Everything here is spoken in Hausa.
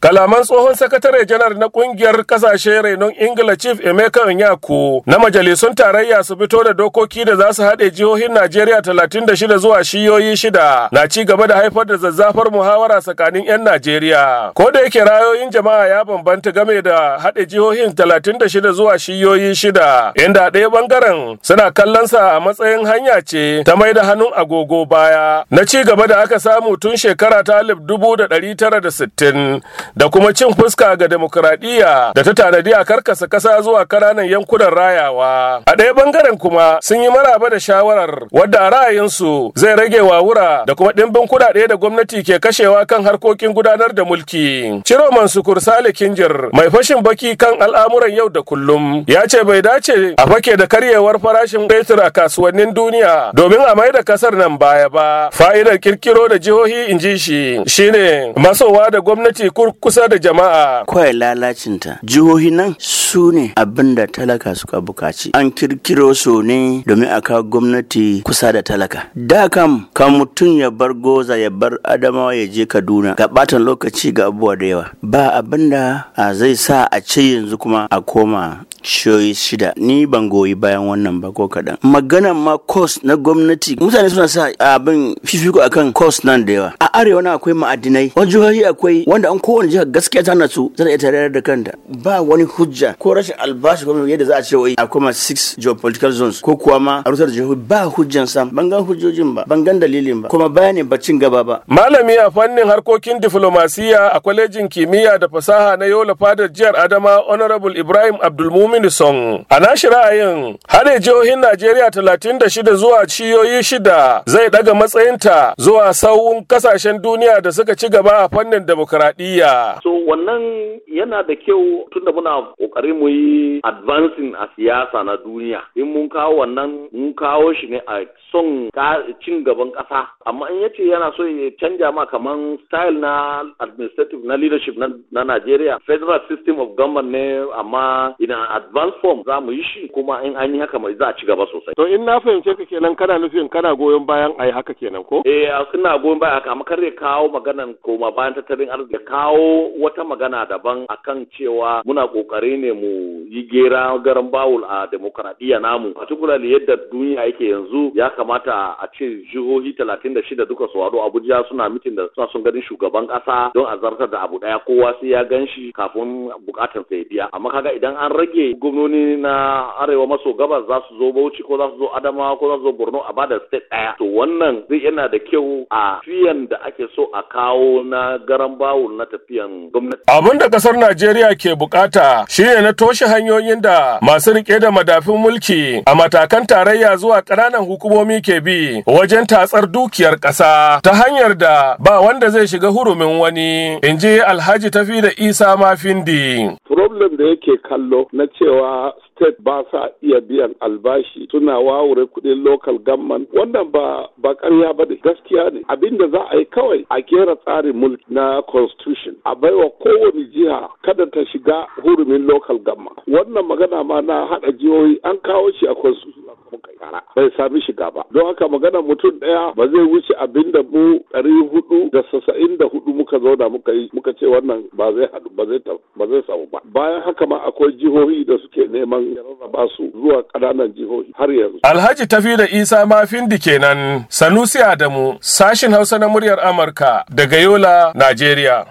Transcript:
Kalaman tsohon sakatare janar na kungiyar kasashe renon Ingila Chief Emeka Onyako na majalisun tarayya su fito da dokoki da za su haɗe jihohin Najeriya talatin da shida zuwa shiyoyi shida na ci gaba da haifar da zazzafar muhawara tsakanin 'yan Najeriya. Ko da yake rayoyin jama'a ya bambanta game da haɗe jihohin talatin da shida zuwa shiyoyi shida inda ɗaya bangaren suna kallon sa a matsayin hanya ce ta mai da hannun agogo baya na ci gaba da aka samu tun shekara ta alif dubu da da ɗari tara sittin. da kuma cin fuska ga demokuraɗiyya da ta tanadi a karkasa kasa zuwa karanan yankunan rayawa. A ɗaya ɓangaren kuma sun yi maraba da shawarar wadda a ra'ayinsu zai rage wawura da kuma ɗimbin kuɗaɗe da gwamnati ke kashewa kan harkokin gudanar da mulki. Ciro Mansukur Sale Kinjir mai fashin baki kan al'amuran yau da kullum ya ce bai dace a fake da karyewar farashin fetur a kasuwannin duniya domin a mai da kasar nan baya ba. Fa'idar kirkiro da jihohi in ji shi shine masowa da gwamnati kurku kusa da jama'a. Kawai lalacinta jihohi nan su ne abin da talaka suka bukaci. An kirkiro su ne domin a kawo gwamnati kusa da talaka. Da kam ka mutum ya bar goza ya bar adamawa ya je Kaduna ga batan lokaci ga abubuwa da yawa. Ba abinda a zai sa a ce yanzu kuma a koma shiyoyi shida ni ban goyi bayan wannan ba ko kaɗan magana ma cost na gwamnati mutane suna sa abin fifiko akan cost nan da yawa a arewa na akwai ma'adinai wani jihohi akwai wanda an kowane jiha gaskiya ta natsu tana iya tarayyar da kanta ba wani hujja ko rashin albashi ko yadda za a ce wai akwai ma six geopolitical zones ko kuwa ma a rusar jihohi ba hujjan sam ban gan hujjojin ba ban gan dalilin ba kuma bayanin bacin gaba ba malami a fannin harkokin diflomasiya a kwalejin kimiyya da fasaha na yola fadar jihar adama honorable ibrahim abdulmumin Muminu A nashi ra'ayin haɗe jihohin Najeriya talatin da shida zuwa ciyoyi shida zai ɗaga matsayinta zuwa sauwun kasashen duniya da suka ci gaba a fannin demokuraɗiyya. So wannan yana da kyau tun da muna kokari mu yi advancing a siyasa na duniya. In mun kawo wannan mun kawo shi ne a son cin gaban ƙasa. Amma in yace yana so ya canja ma kaman style na administrative na leadership na, Nigeria. Najeriya. Federal system of government ne amma in advanced form za mu yi shi kuma in an yi haka mai za a ci gaba sosai. To in na fahimce ka kenan kana nufin kana goyon bayan a yi haka kenan ko? Eh, suna goyon bayan haka amma kar ya kawo maganan koma bayan tattalin arziki kawo wata magana daban a kan cewa muna kokari ne mu yi gera garan bawul a demokradiyya namu particularly yadda duniya yake yanzu ya kamata a ce jihohi talatin da shida duka su abuja suna mitin da suna son ganin shugaban kasa don a zartar da abu daya kowa sai ya gan shi kafin bukatar sa biya amma kaga idan an rage gwamnoni na arewa maso gabas za su zo bauchi ko za su zo adamawa ko za su zo borno a bada state ɗaya to wannan zai yana da kyau a fiyan da ake so a kawo na garan bawul na tafiyan gwamnati. Abin da kasar Najeriya ke bukata shine na toshe hanyoyin da masu rike da madafin mulki a matakan tarayya zuwa ƙananan hukumomi ke bi wajen tatsar dukiyar ƙasa ta hanyar da ba wanda zai shiga hurumin wani in ji Alhaji Tafi da Isa Mafindi. Problem da yake kallo na cewa state ba sa iya biyan albashi suna wawure kuɗin local government wannan ba ba ƙarya ba ne gaskiya ne abinda za a yi kawai a kera tsarin mulki na constitution a baiwa kowane jiha kada ta shiga hurumin local government wannan magana ma na haɗa jihohi an kawo shi a constitution mun kai kara bai sami shiga ba don haka magana mutum daya ba zai wuce abin da mu ɗari hudu da sassa'in da hudu muka zauna muka yi muka ce wannan ba zai haɗu ba zai ba samu ba bayan haka ma akwai jihohi da suke neman ba su zuwa ƙananan jihohi har yanzu. Alhaji tafi da Isa ma findi kenan Sanusi Adamu sashin Hausa na muryar Amurka daga Yola Najeriya.